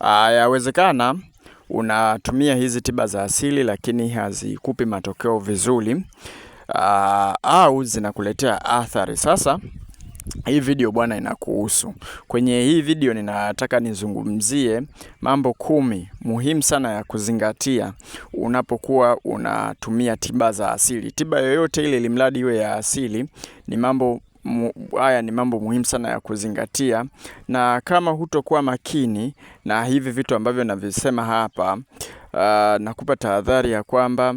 Ah, yawezekana unatumia hizi tiba za asili lakini hazikupi matokeo vizuri ah, au zinakuletea athari. Sasa hii video bwana inakuhusu. Kwenye hii video ninataka nizungumzie mambo kumi muhimu sana ya kuzingatia unapokuwa unatumia tiba za asili. Tiba yoyote ile, mradi iwe ya asili, ni mambo haya ni mambo muhimu sana ya kuzingatia, na kama hutokuwa makini na hivi vitu ambavyo navisema hapa, uh, nakupa tahadhari ya kwamba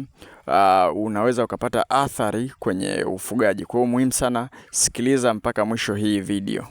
Uh, unaweza ukapata athari kwenye ufugaji. Kwa hiyo muhimu sana, sikiliza mpaka mwisho hii video.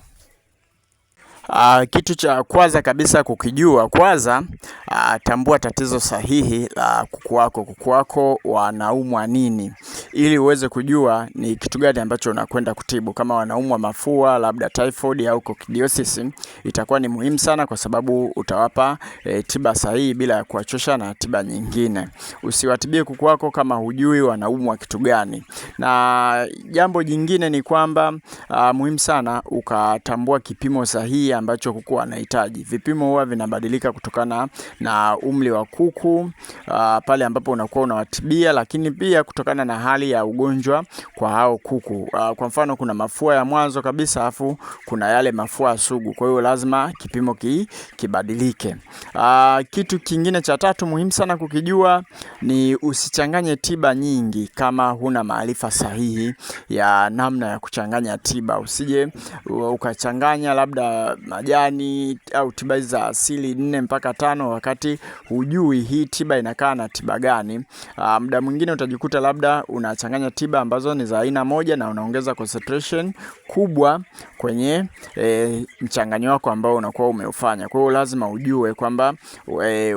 Uh, kitu cha kwanza kabisa kukijua, kwanza uh, tambua tatizo sahihi la uh, kuku wako. Kuku wako wanaumwa nini, ili uweze kujua ni kitu gani ambacho unakwenda kutibu. Kama wanaumwa mafua, labda typhoid au coccidiosis, itakuwa ni muhimu sana, kwa sababu utawapa eh, tiba sahihi bila ya kuwachosha na tiba nyingine. Usiwatibie kuku wako kama hujui wanaumwa kitu gani. Na jambo jingine ni kwamba uh, muhimu sana ukatambua kipimo sahihi ambacho kuku anahitaji. Vipimo huwa vinabadilika kutokana na umri wa kuku uh, pale ambapo unakuwa unawatibia, lakini pia kutokana na hali ya ugonjwa kwa hao kuku. Uh, kwa mfano kuna mafua ya mwanzo kabisa afu kuna yale mafua sugu, kwa hiyo lazima kipimo ki, kibadilike. Uh, kitu kingine cha tatu muhimu sana kukijua ni usichanganye tiba nyingi kama huna maarifa sahihi ya namna ya kuchanganya tiba. Usije ukachanganya labda majani au tiba hizi za asili nne mpaka tano, wakati hujui hii tiba inakaa na tiba gani. Ah, muda mwingine utajikuta labda unachanganya tiba ambazo ni za aina moja na unaongeza concentration kubwa kwenye e, mchanganyo wako ambao unakuwa umeufanya. Kwa hiyo lazima ujue kwamba e,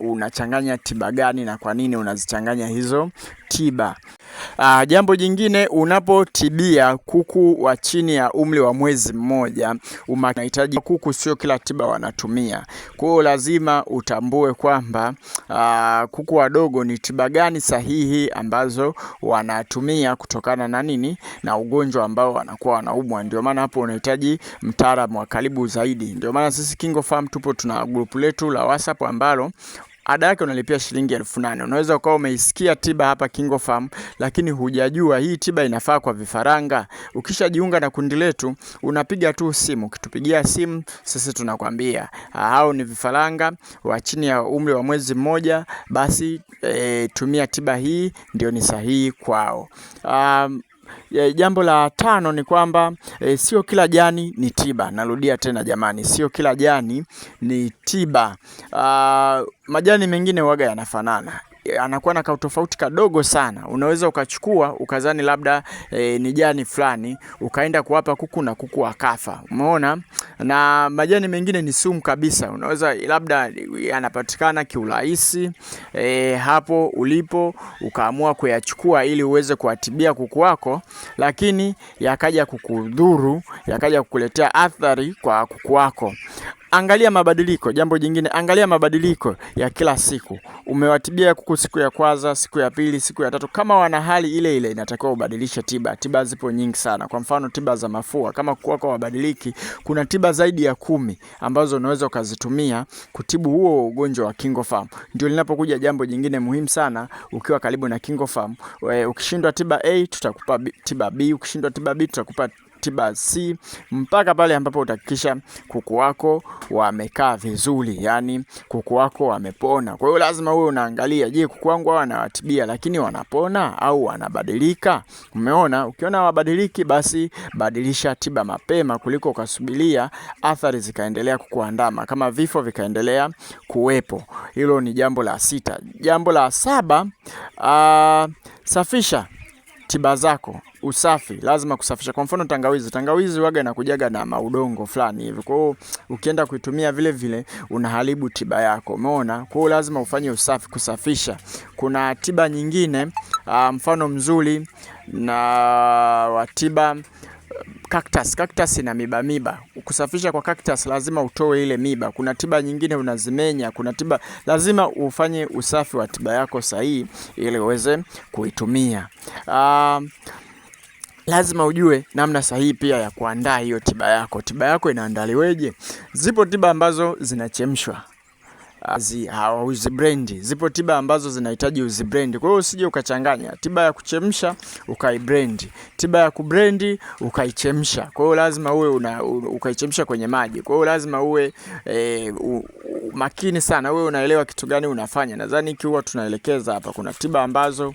unachanganya una tiba gani na kwa nini unazichanganya hizo tiba. Uh, jambo jingine unapotibia kuku wa chini ya umri wa mwezi mmoja, unahitaji kuku, sio kila tiba wanatumia. Kwa hiyo lazima utambue kwamba uh, kuku wadogo ni tiba gani sahihi ambazo wanatumia kutokana na nini, na ugonjwa ambao wanakuwa wanaumwa. Ndio maana hapo unahitaji mtaalamu wa karibu zaidi. Ndio maana sisi KingoFarm tupo tuna grupu letu la WhatsApp ambalo ada yake unalipia shilingi elfu nane. Unaweza ukawa umeisikia tiba hapa Kingo Farm, lakini hujajua hii tiba inafaa kwa vifaranga. Ukishajiunga na kundi letu, unapiga tu simu. Ukitupigia simu sisi tunakwambia hao ni vifaranga wa chini ya umri wa mwezi mmoja, basi e, tumia tiba hii ndio ni sahihi kwao. um, e, jambo la tano ni kwamba e, sio kila jani ni tiba. Narudia tena jamani, sio kila jani ni tiba. Aa, majani mengine waga yanafanana anakuwa na kautofauti kadogo sana. Unaweza ukachukua ukazani labda e, ni jani fulani ukaenda kuwapa kuku na kuku wakafa, umeona. Na majani mengine ni sumu kabisa, unaweza labda yanapatikana kiurahisi e, hapo ulipo ukaamua kuyachukua ili uweze kuwatibia kuku wako, lakini yakaja kukudhuru, yakaja kukuletea athari kwa kuku wako. Angalia mabadiliko. Jambo jingine, angalia mabadiliko ya kila siku. Umewatibia kuku siku ya kwanza, siku ya pili, siku ya tatu, kama wana hali ile ile, inatakiwa ubadilishe tiba. Tiba zipo nyingi sana, kwa mfano tiba za mafua. Kama kuku wako wabadiliki, kuna tiba zaidi ya kumi ambazo unaweza ukazitumia kutibu huo ugonjwa wa KingoFarm. Ndio linapokuja jambo jingine muhimu sana, ukiwa karibu na KingoFarm. Ukishindwa tiba A, tutakupa tiba B. Ukishindwa tiba B, tutakupa ratiba C mpaka pale ambapo utahakikisha kuku wako wamekaa vizuri, yani kuku wako wamepona. Kwa hiyo lazima uwe unaangalia, je, kuku wangu hawa nawatibia lakini wanapona au wanabadilika? Umeona, ukiona wabadiliki basi badilisha tiba mapema kuliko ukasubiria athari zikaendelea kukuandama kama vifo vikaendelea kuwepo. Hilo ni jambo la sita. Jambo la saba, uh, safisha tiba zako, usafi lazima kusafisha. Kwa mfano tangawizi, tangawizi waga inakujaga na maudongo fulani hivi, kwa hiyo ukienda kuitumia vile vile unaharibu tiba yako, umeona? Kwa hiyo lazima ufanye usafi, kusafisha. Kuna tiba nyingine ah, mfano mzuri na watiba cactus. Cactus ina miba miba. Kusafisha kwa cactus lazima utoe ile miba. Kuna tiba nyingine unazimenya, kuna tiba lazima ufanye usafi wa tiba yako sahihi ili uweze kuitumia. Uh, lazima ujue namna sahihi pia ya kuandaa hiyo tiba yako. Tiba yako inaandaliweje? Zipo tiba ambazo zinachemshwa uzibrendi. Zipo tiba ambazo zinahitaji uzibrendi, kwa hiyo usije ukachanganya tiba ya kuchemsha ukaibrendi, tiba ya kubrendi ukaichemsha. Kwa hiyo lazima uwe una, ukaichemsha kwenye maji. Kwa hiyo lazima uwe e, u, makini sana, uwe unaelewa kitu gani unafanya. Nadhani kiwa tunaelekeza hapa, kuna tiba ambazo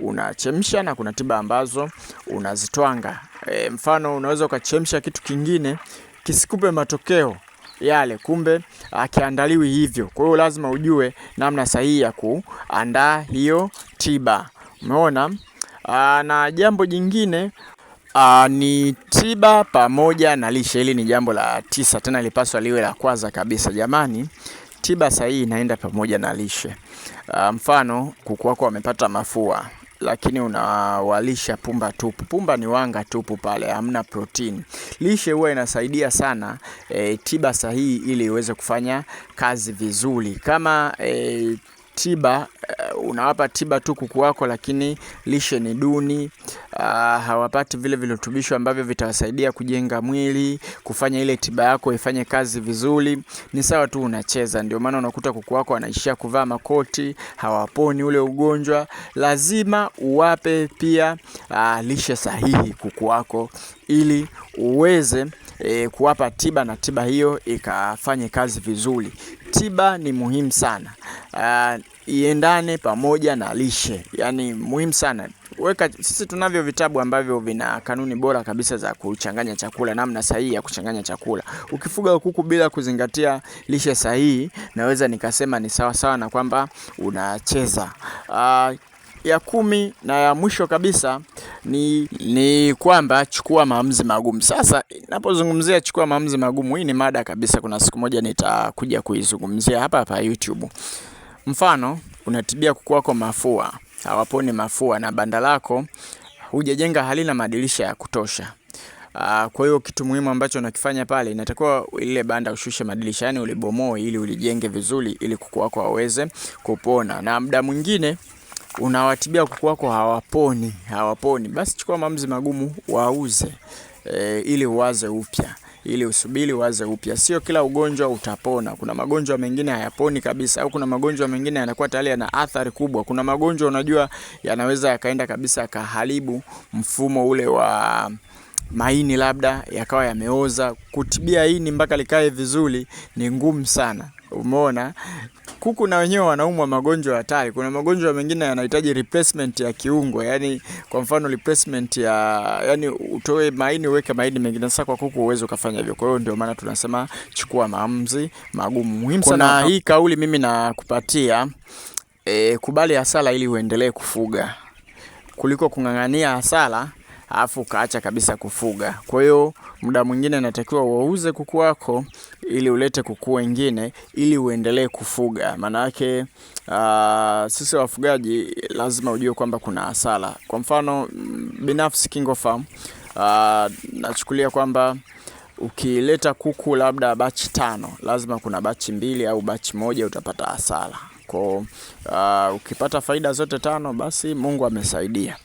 unachemsha na kuna tiba ambazo unazitwanga. E, mfano unaweza ukachemsha kitu kingine kisikupe matokeo yale, kumbe akiandaliwi ah, hivyo. Kwa hiyo lazima ujue namna sahihi ya kuandaa hiyo tiba, umeona. Ah, na jambo jingine Uh, ni tiba pamoja na lishe. Hili ni jambo la tisa, tena lipaswa liwe la kwanza kabisa. Jamani, tiba sahihi inaenda pamoja na lishe. Uh, mfano kuku wako wamepata mafua, lakini unawalisha pumba tupu. Pumba ni wanga tupu pale, hamna protini. Lishe huwa inasaidia sana e, tiba sahihi ili iweze kufanya kazi vizuri kama e, tiba uh, unawapa tiba tu kuku wako, lakini lishe ni duni uh, hawapati vile virutubisho ambavyo vitawasaidia kujenga mwili, kufanya ile tiba yako ifanye kazi vizuri, ni sawa tu unacheza. Ndio maana unakuta kuku wako wanaishia kuvaa makoti, hawaponi ule ugonjwa. Lazima uwape pia uh, lishe sahihi kuku wako ili uweze E, kuwapa tiba na tiba hiyo ikafanye kazi vizuri tiba ni muhimu sana uh, iendane pamoja na lishe, yani muhimu sana weka. Sisi tunavyo vitabu ambavyo vina kanuni bora kabisa za kuchanganya chakula, namna sahihi ya kuchanganya chakula. Ukifuga kuku bila kuzingatia lishe sahihi, naweza nikasema ni sawasawa na kwamba unacheza uh, ya kumi na ya mwisho kabisa ni, ni kwamba chukua maamuzi magumu. Sasa ninapozungumzia chukua maamuzi magumu, hii ni mada kabisa, kuna siku moja nitakuja kuizungumzia hapa hapa YouTube. Mfano, unatibia kuku wako mafua, hawaponi mafua, na banda lako hujajenga, halina madirisha ya kutosha. Uh, kwa hiyo kitu muhimu ambacho unakifanya pale inatakiwa ile banda ushushe madirisha, yani ulibomoe ili ulijenge vizuri, ili kuku wako waweze kupona. Na muda mwingine unawatibia kuku wako hawaponi, hawaponi, basi chukua maamuzi magumu, wauze e, ili uwaze upya ili usubiri waze upya. Sio kila ugonjwa utapona. Kuna magonjwa mengine hayaponi kabisa, au kuna magonjwa mengine yanakuwa tayari yana athari kubwa. Kuna magonjwa unajua yanaweza yakaenda kabisa yakaharibu mfumo ule wa maini, labda yakawa yameoza. Kutibia ini mpaka likae vizuri ni ngumu sana. Umeona, kuku na wenyewe wanaumwa magonjwa hatari. Kuna magonjwa mengine yanahitaji replacement ya kiungo, yani kwa mfano replacement ya yani, utoe maini uweke maini mengine. Sasa kwa kuku uweze ukafanya hivyo, kwa hiyo ndio maana tunasema chukua maamuzi magumu. Muhimu sana hii kauli, mimi nakupatia e, kubali hasara ili uendelee kufuga kuliko kung'ang'ania hasara alafu ukaacha kabisa kufuga. Kwa hiyo muda mwingine natakiwa wauze kuku wako ili ulete kuku wengine ili uendelee kufuga. Maana yake uh, sisi wafugaji lazima ujue kwamba kuna hasara. Kwa mfano binafsi Kingo Farm uh, nachukulia kwamba ukileta kuku labda bachi tano, lazima kuna bachi mbili au bachi moja utapata hasara. Kwa uh, ukipata faida zote tano, basi Mungu amesaidia.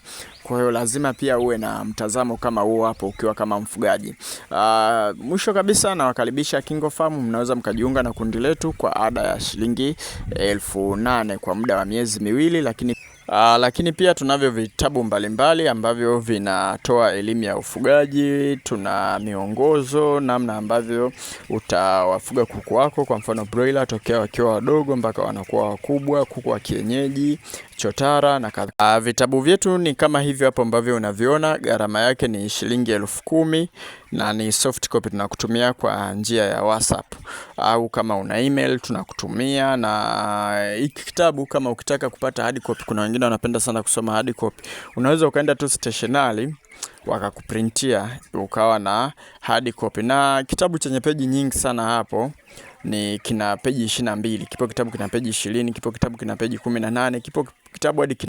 Kwa hiyo lazima pia uwe na mtazamo kama huo hapo ukiwa kama mfugaji. Uh, mwisho kabisa nawakaribisha Kingo Farm, mnaweza mkajiunga na kundi letu kwa ada ya shilingi elfu nane kwa muda wa miezi miwili, lakini Uh, lakini pia tunavyo vitabu mbalimbali ambavyo vinatoa elimu ya ufugaji. Tuna miongozo namna ambavyo utawafuga kuku wako, kwa mfano broiler, tokea wakiwa wadogo mpaka wanakuwa wakubwa, kuku wa kienyeji chotara na kadhalika. Ah, vitabu vyetu ni kama hivyo hapo ambavyo unaviona, gharama yake ni shilingi elfu kumi na ni soft copy tunakutumia kwa njia ya WhatsApp au kama una email tunakutumia. Na hiki kitabu kama ukitaka kupata hard copy, kuna wengine wanapenda sana kusoma hard copy, unaweza ukaenda tu stationery wakakuprintia ukawa na hard copy, na kitabu chenye peji nyingi sana hapo ni kina peji ishirini na mbili kipo kitabu kina peji ishirini kipo kitabu kina peji kumi na nane kipo kitabu hadi